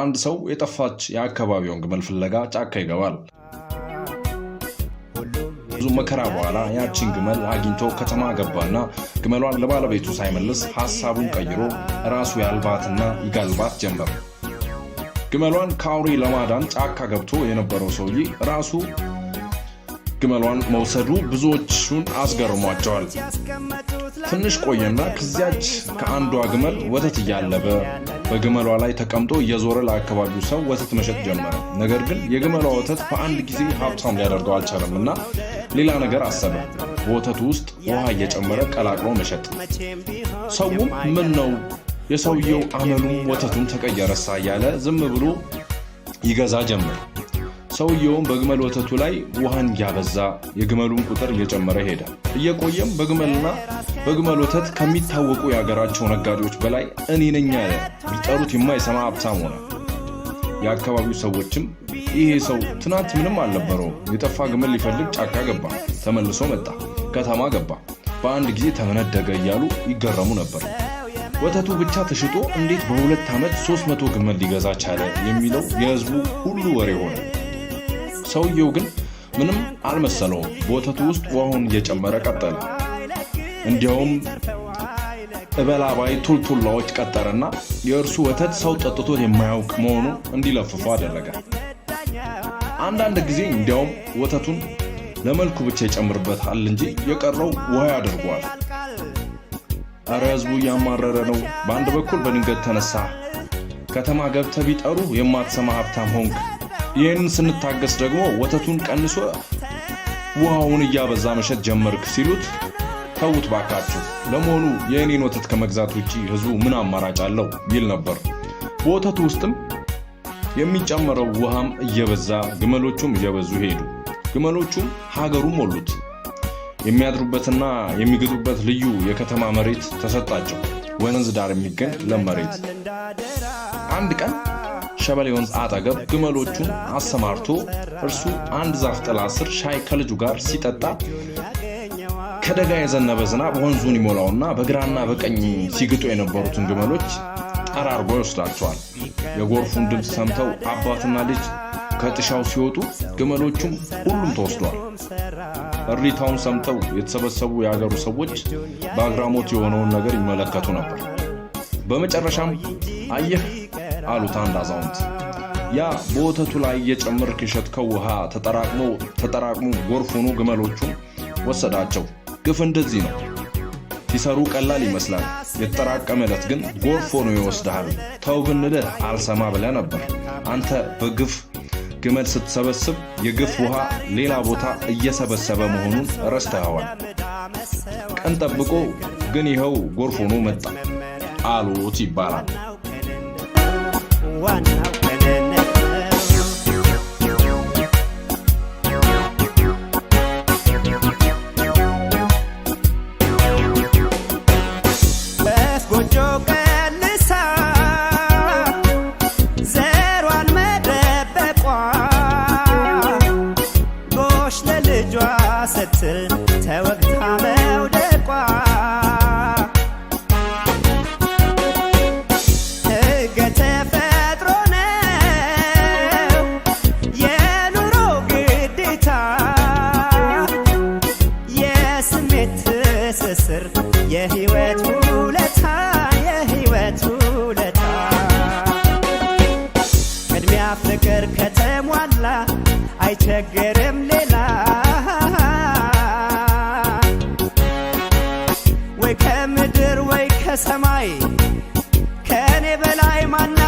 አንድ ሰው የጠፋች የአካባቢውን ግመል ፍለጋ ጫካ ይገባል። ብዙ መከራ በኋላ ያቺን ግመል አግኝቶ ከተማ ገባና ግመሏን ለባለቤቱ ሳይመልስ ሐሳቡን ቀይሮ ራሱ ያልባትና ይጋልባት ጀመር። ግመሏን ከአውሬ ለማዳን ጫካ ገብቶ የነበረው ሰውዬ ራሱ ግመሏን መውሰዱ ብዙዎቹን አስገርሟቸዋል። ትንሽ ቆየና ከዚያች ከአንዷ ግመል ወተት እያለበ በግመሏ ላይ ተቀምጦ እየዞረ ለአካባቢው ሰው ወተት መሸጥ ጀመረ። ነገር ግን የግመሏ ወተት በአንድ ጊዜ ሀብታም ሊያደርገው አልቻለም እና ሌላ ነገር አሰበ። በወተቱ ውስጥ ውሃ እየጨመረ ቀላቅሎ መሸጥ። ሰውም ምን ነው የሰውየው አመሉም ወተቱም ተቀየረሳ እያለ ዝም ብሎ ይገዛ ጀመር። ሰውየውም በግመል ወተቱ ላይ ውሃን እያበዛ የግመሉን ቁጥር እየጨመረ ይሄዳል። እየቆየም በግመልና በግመል ወተት ከሚታወቁ የአገራቸው ነጋዴዎች በላይ እኔ ነኝ ያለ ቢጠሩት የማይሰማ ሀብታም ሆነ። የአካባቢው ሰዎችም ይሄ ሰው ትናንት ምንም አልነበረው የጠፋ ግመል ሊፈልግ ጫካ ገባ፣ ተመልሶ መጣ፣ ከተማ ገባ፣ በአንድ ጊዜ ተመነደገ እያሉ ይገረሙ ነበር። ወተቱ ብቻ ተሽጦ እንዴት በሁለት ዓመት 300 ግመል ሊገዛ ቻለ የሚለው የህዝቡ ሁሉ ወሬ ሆነ። ሰውየው ግን ምንም አልመሰለውም። በወተቱ ውስጥ ውሃውን እየጨመረ ቀጠለ። እንዲያውም እበላባይ ቱልቱላዎች ቀጠረና የእርሱ ወተት ሰው ጠጥቶ የማያውቅ መሆኑ እንዲለፍፉ አደረገ። አንዳንድ ጊዜ እንዲያውም ወተቱን ለመልኩ ብቻ ይጨምርበታል እንጂ የቀረው ውሃ ያደርገዋል። እረ ህዝቡ እያማረረ ነው። በአንድ በኩል በድንገት ተነሳ። ከተማ ገብተ ቢጠሩ የማትሰማ ሀብታም ሆንክ ይህንን ስንታገስ ደግሞ ወተቱን ቀንሶ ውሃውን እያበዛ መሸጥ ጀመርክ ሲሉት ተዉት ባካችሁ፣ ለመሆኑ የእኔን ወተት ከመግዛት ውጪ ህዝቡ ምን አማራጭ አለው ይል ነበር። በወተቱ ውስጥም የሚጨመረው ውሃም እየበዛ ግመሎቹም እየበዙ ሄዱ። ግመሎቹም ሀገሩ ሞሉት። የሚያድሩበትና የሚግጡበት ልዩ የከተማ መሬት ተሰጣቸው፣ ወንዝ ዳር የሚገኝ ለም መሬት። አንድ ቀን ሸበሌውን ወንዝ አጠገብ ግመሎቹን አሰማርቶ እርሱ አንድ ዛፍ ጥላ ስር ሻይ ከልጁ ጋር ሲጠጣ ከደጋ የዘነበ ዝናብ ወንዙን ይሞላውና በግራና በቀኝ ሲግጡ የነበሩትን ግመሎች ጠራርጎ ይወስዳቸዋል። የጎርፉን ድምፅ ሰምተው አባትና ልጅ ከጥሻው ሲወጡ ግመሎቹም ሁሉም ተወስደዋል። እሪታውን ሰምተው የተሰበሰቡ የአገሩ ሰዎች በአግራሞት የሆነውን ነገር ይመለከቱ ነበር። በመጨረሻም አየህ አሉት አንድ አዛውንት። ያ በወተቱ ላይ እየጨመርክ የሸጥከው ውሃ ተጠራቅሞ ተጠራቅሞ ጎርፍ ሆኖ ግመሎቹ ወሰዳቸው። ግፍ እንደዚህ ነው። ሲሰሩ ቀላል ይመስላል፣ የተጠራቀመለት ግን ጎርፍ ሆኖ ይወስድሃል። ተው ብንልህ አልሰማ ብለ ነበር። አንተ በግፍ ግመል ስትሰበስብ የግፍ ውሃ ሌላ ቦታ እየሰበሰበ መሆኑን ረስተኸዋል። ቀን ጠብቆ ግን ይኸው ጎርፍ ሆኖ መጣ አሉት ይባላል። one. ስር የህይወት ውለታ የህይወት ውለታ ቅድሚያ ፍቅር ከተሟላ አይቸገርም ሌላ ወይ ከምድር ወይ ከሰማይ ከእኔ በላይ ማና